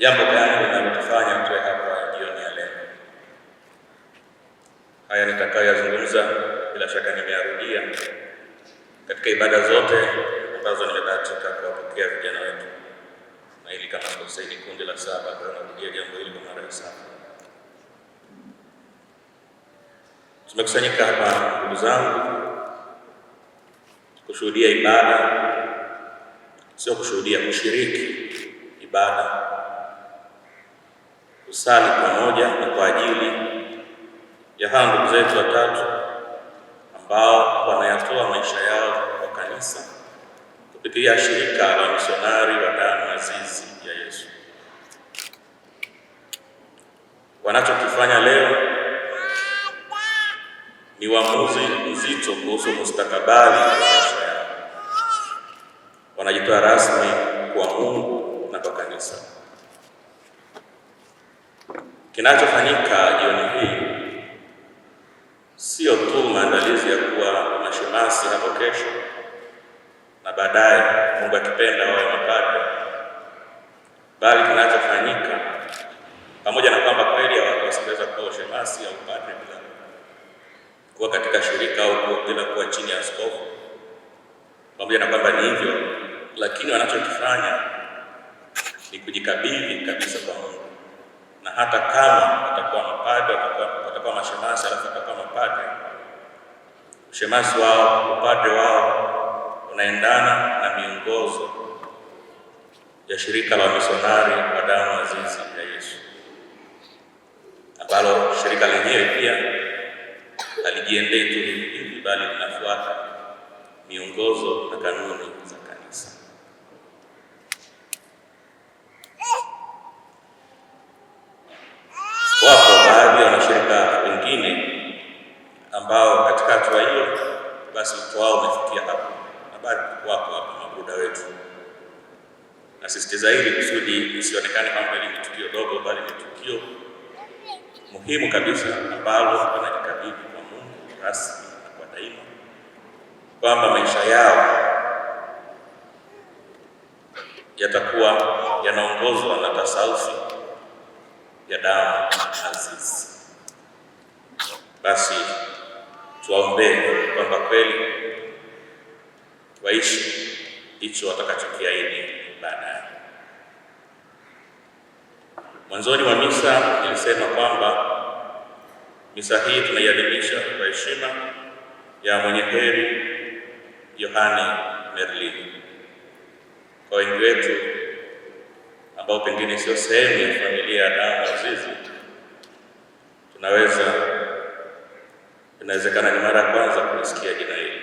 jambo gani linalotufanya mtwe hapa jioni ya leo? Haya nitakayoyazungumza bila shaka nimeyarudia katika ibada zote ambazo nimebahatika kuwapokea vijana wetu, na ili kama kosa kundi la saba, narudia jambo hili kwa mara ya saba. Tumekusanyika hapa ndugu zangu kushuhudia ibada, sio kushuhudia, kushiriki ibada kusali pamoja ni kwa ajili ya hawa ndugu zetu watatu ambao wanayatoa maisha yao kwa kanisa kupitia shirika la misionari wa damu azizi ya Yesu. Wanachokifanya leo ni uamuzi mzito kuhusu mustakabali wa maisha yao. Wanajitoa rasmi kwa Mungu na kwa kanisa. Kinachofanyika jioni hii sio tu maandalizi ya kuwa mashemasi hapo kesho na baadaye, Mungu akipenda, wawe mapadre, bali kinachofanyika pamoja na kwamba kweli wasingeweza kuwa ushemasi au padre bila kuwa katika shirika au bila kuwa chini ya askofu, pamoja na kwamba ni hivyo, lakini wanachokifanya ni kujikabidhi kabisa kwa Mungu na hata kama atakuwa mapadre, atakuwa mashemasi, alafu atakuwa mapadre, ushemasi wao, upadre wao unaendana na miongozo ya shirika la wamisionari wa damu azizi ya Yesu, ambalo shirika lenyewe pia halijiendei tu hivi, bali linafuata miongozo na kanuni zaidi kusudi isionekane kwamba ni tukio dogo, bali ni tukio muhimu kabisa ambalo wanalikabidhi kwa Mungu rasmi na kwa daima, kwamba maisha yao yatakuwa yanaongozwa na tasawufi ya damu azizi. Basi tuwaombee kwamba kweli waishi hicho watakachokiaini baadaye. Mwanzoni mwa misa nilisema kwamba misa hii tunaiadhimisha kwa heshima ya mwenye heri Yohane Merlin. Kwa wengi wetu ambao pengine sio sehemu ya familia ya damu azizi, tunaweza inawezekana ni mara ya kwanza kusikia jina hili,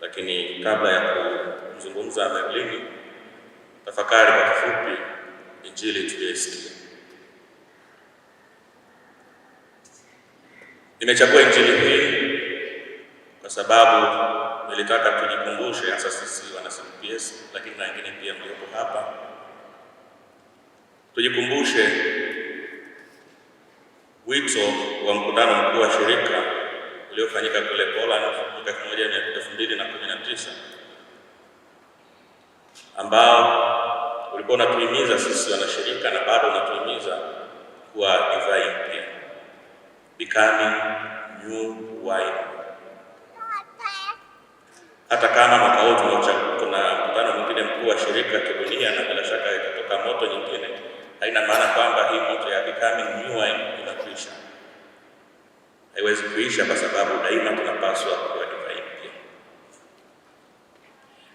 lakini kabla ya kuzungumza Merlin, tafakari kwa kifupi injili tuliyoisikia. Nimechagua injili hii kwa sababu nilitaka tujikumbushe, hasa sisi wana CPS, lakini na wengine pia mliopo hapa, tujikumbushe wito wa mkutano mkuu wa shirika uliofanyika kule Poland mwaka tisa ambao ulikuwa unatuhimiza sisi wanashirika na bado unatuhimiza kuwa divai mpya, becoming new wine. Hata kama mwaka huu kuna mkutano mwingine mkuu wa shirika kidunia na bila shaka itatoka moto nyingine, haina maana kwamba hii moto ya becoming new wine inakuisha. Haiwezi kuisha, kwa sababu daima tunapaswa kuwa divai mpya.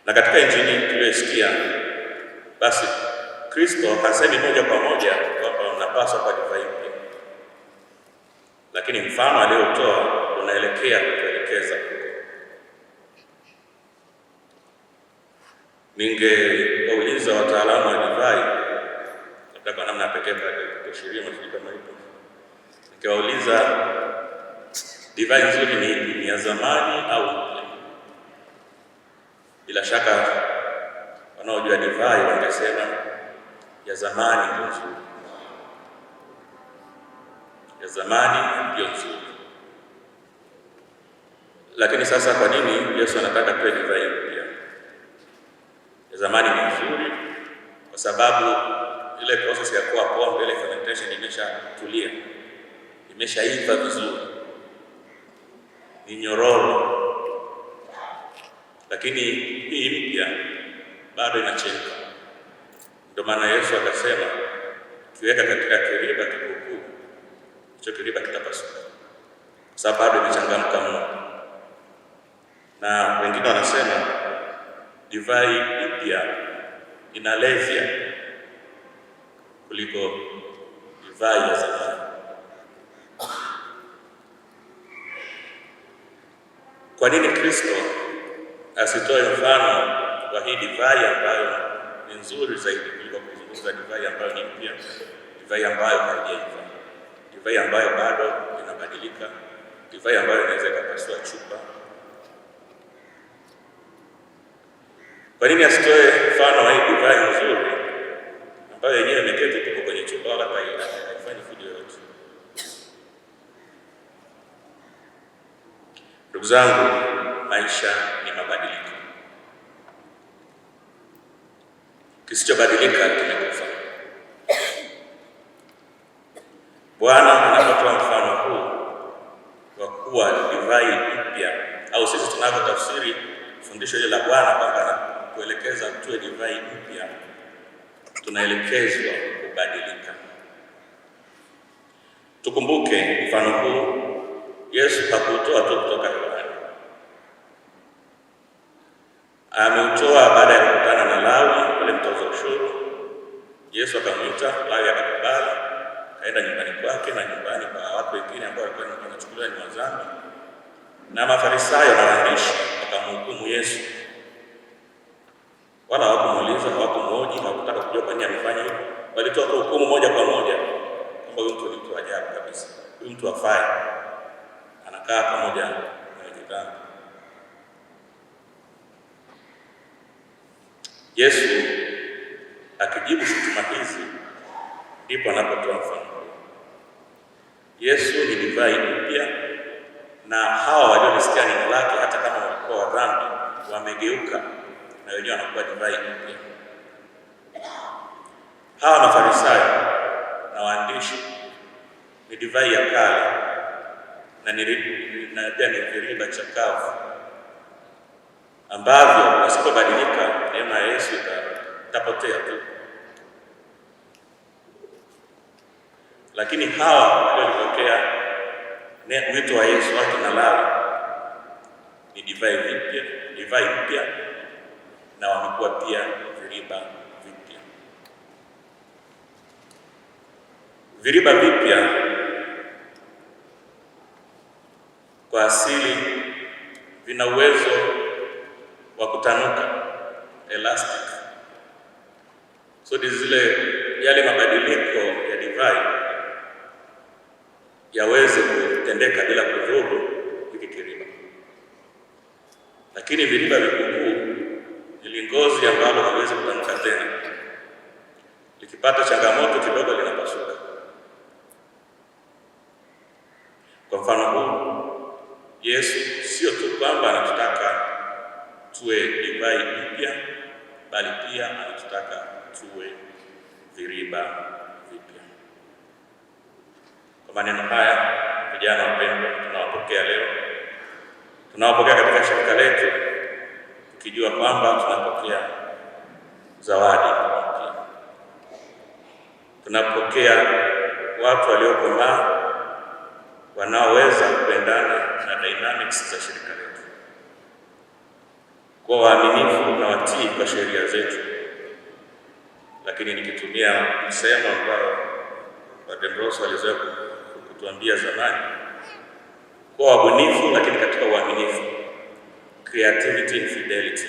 Na katika injili tuliyosikia basi Kristo hasemi moja kwa moja kwamba unapaswa kwa divai, lakini mfano aliyotoa unaelekea kutuelekeza huko. Ningewauliza wataalamu wa divai, labda kwa namna pekee shiria kama malipo, nikiwauliza divai nzuri ni, ni ya zamani au bila shaka hayo wangesema ya zamani ndio nzuri, ya zamani ndio nzuri. Lakini sasa kwa nini Yesu anataka tuwe divai mpya? Ya zamani ni nzuri kwa sababu ile process ya kuwa poa ile fermentation imeshatulia, imeshaiva vizuri, ni nyororo, lakini hii mpya bado inachemka. Ndio maana Yesu akasema ukiweka katika kiriba kikukuu, hicho kiriba kitapasuka, kwa sababu bado imechangamka mno. Na wengine wanasema divai mpya inalevya kuliko divai ya zamani. Kwa nini Kristo asitoe mfano kwa hii divai ambayo ni nzuri zaidi kuliko kuzungumza divai ambayo ni mpya, divai ambayo haijaiva, divai ambayo bado inabadilika, divai ambayo inaweza ikapasua chupa. Kwa nini asitoe mfano wa hii divai nzuri ambayo yenyewe imeketi tuko kwenye chupa wala haifanyi fujo yoyote? Ndugu zangu, maisha kisichobadilika kimekufa. Bwana anapotoa mfano huu wa kuwa divai mpya, au sisi tunavyo tafsiri fundisho hili la Bwana kwamba kuelekeza tuwe divai mpya, tunaelekezwa kubadilika. Tukumbuke mfano huu Yesu hakuutoa tu kutoka hewani, ameutoa baada kuacha, Lawi akakubali, kaenda nyumbani kwake na nyumbani kwa watu wengine ambao walikuwa wanachukuliwa ni wazambi, na Mafarisayo na waandishi wakamhukumu Yesu, wala hawakumuuliza, hawakumhoji, hawakutaka kujua kwa nini amefanya hivyo. Walitoa hukumu moja kwa moja kwamba huyu mtu ni mtu ajabu kabisa, huyu mtu afai, anakaa pamoja na wenye dhambi. Yesu akijibu ndipo anapotoa mfano huu. Yesu ni divai mpya, na hawa waliolisikia neno lake, hata kama walikuwa wadhambi, wamegeuka na wenyewe wanakuwa divai mpya. Hawa Mafarisayo na waandishi ni divai ya kale na pia ni viriba chakavu ambavyo wasipobadilika neema ya Yesu itapotea tu. Lakini hawa waliotokea mwito wa Yesu wake na lala ni divai vipya, divai mpya na wamekuwa pia viriba vipya. Viriba vipya kwa asili vina uwezo wa kutanuka elastic, so zile yale mabadiliko ya divai yaweze kutendeka bila kudhuru hiki kiriba. Lakini viriba vikukuu ni lingozi ambalo haliwezi kutamka tena, likipata changamoto kidogo linapasuka. Kwa mfano huu, Yesu sio tu kwamba anatutaka tuwe divai mpya, bali pia anatutaka tuwe viriba Maneno haya vijana wapendwa, tunawapokea leo, tunawapokea katika shirika letu tukijua kwamba tunapokea zawadi, tunapokea watu waliokomaa wanaoweza kuendana na dynamics za shirika letu, kuwa waaminifu na watii kwa sheria zetu. Lakini nikitumia msemo ambao Padre Mroso alizoea kutuambia zamani, kuwa wabunifu, lakini katika uaminifu, creativity and fidelity.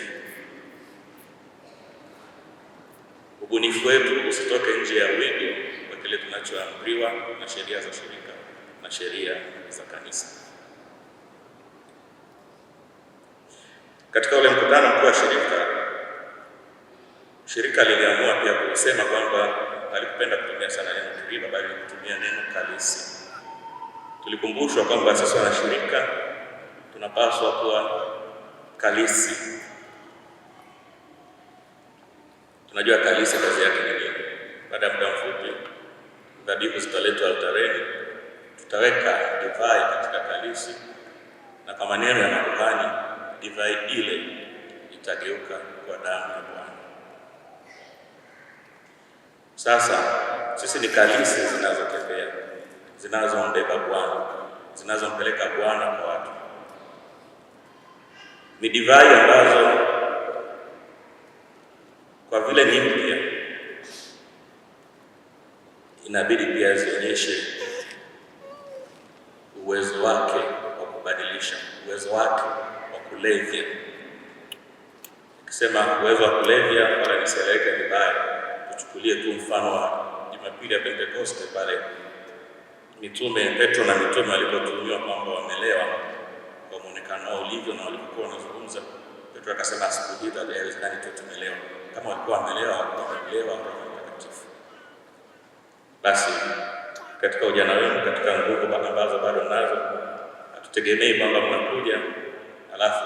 Ubunifu wetu usitoke nje ya wigo wa kile tunachoamriwa na sheria za shirika na sheria za kanisa. Katika ule mkutano mkuu wa shirika, shirika liliamua pia kusema kwamba alikupenda kutumia sana neno kiriba, bali kutumia neno kalisi tulikumbushwa kwamba sisi wanashirika tunapaswa kuwa kalisi. Tunajua kalisi kazi yake ni nini. Baada ya muda mfupi dhabihu zitaletwa altareni, tutaweka divai katika kalisi, na kwa maneno ya makuhani divai ile itageuka kwa damu ya Bwana. Sasa sisi ni kalisi zinazotembea zinazombeba Bwana, zinazompeleka Bwana kwa watu, ni divai ambazo kwa vile ni mpya inabidi pia zionyeshe uwezo wake wa kubadilisha, uwezo wake wa kulevya. Nikisema uwezo wa kulevya, wala nisieleweke vibaya, tuchukulie tu mfano wa Jumapili ya Pentekoste pale mitume Petro na mitume walipotumiwa kwamba wamelewa kwa muonekano wao ulivyo na walipokuwa wanazungumza, Petro akasema siku hii haiwezekani tu tumelewa. Kama walikuwa wamelewa, wamelewa Roho Mtakatifu. Basi katika ujana wenu, katika nguvu ambazo bado nazo, hatutegemei kwamba mnakuja alafu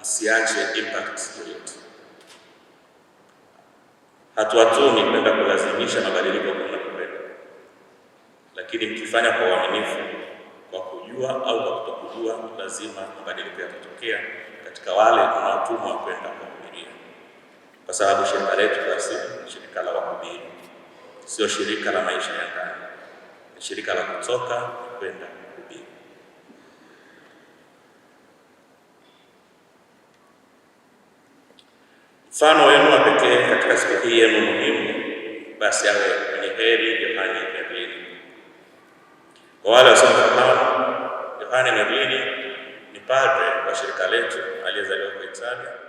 msiache impact yoyote. Hatuwatumi kwenda kulazimisha mabadiliko lakini mkifanya kwa uaminifu, kwa kujua au kwa kutokujua, lazima mabadiliko yatatokea katika wale wanaotumwa kwenda kuhubiria, kwa sababu shirika letu basi ni shirika la wahubiri, sio shirika la maisha ya ndani, ni shirika la kutoka kwenda kuhubiri. Mfano wenu wa pekee katika siku hii yenu muhimu basi awe mwenye heri Yohane Mjasiri wale wasiofahamu, Yohane Merlini ni padre wa shirika letu aliyezaliwa kwa Italia.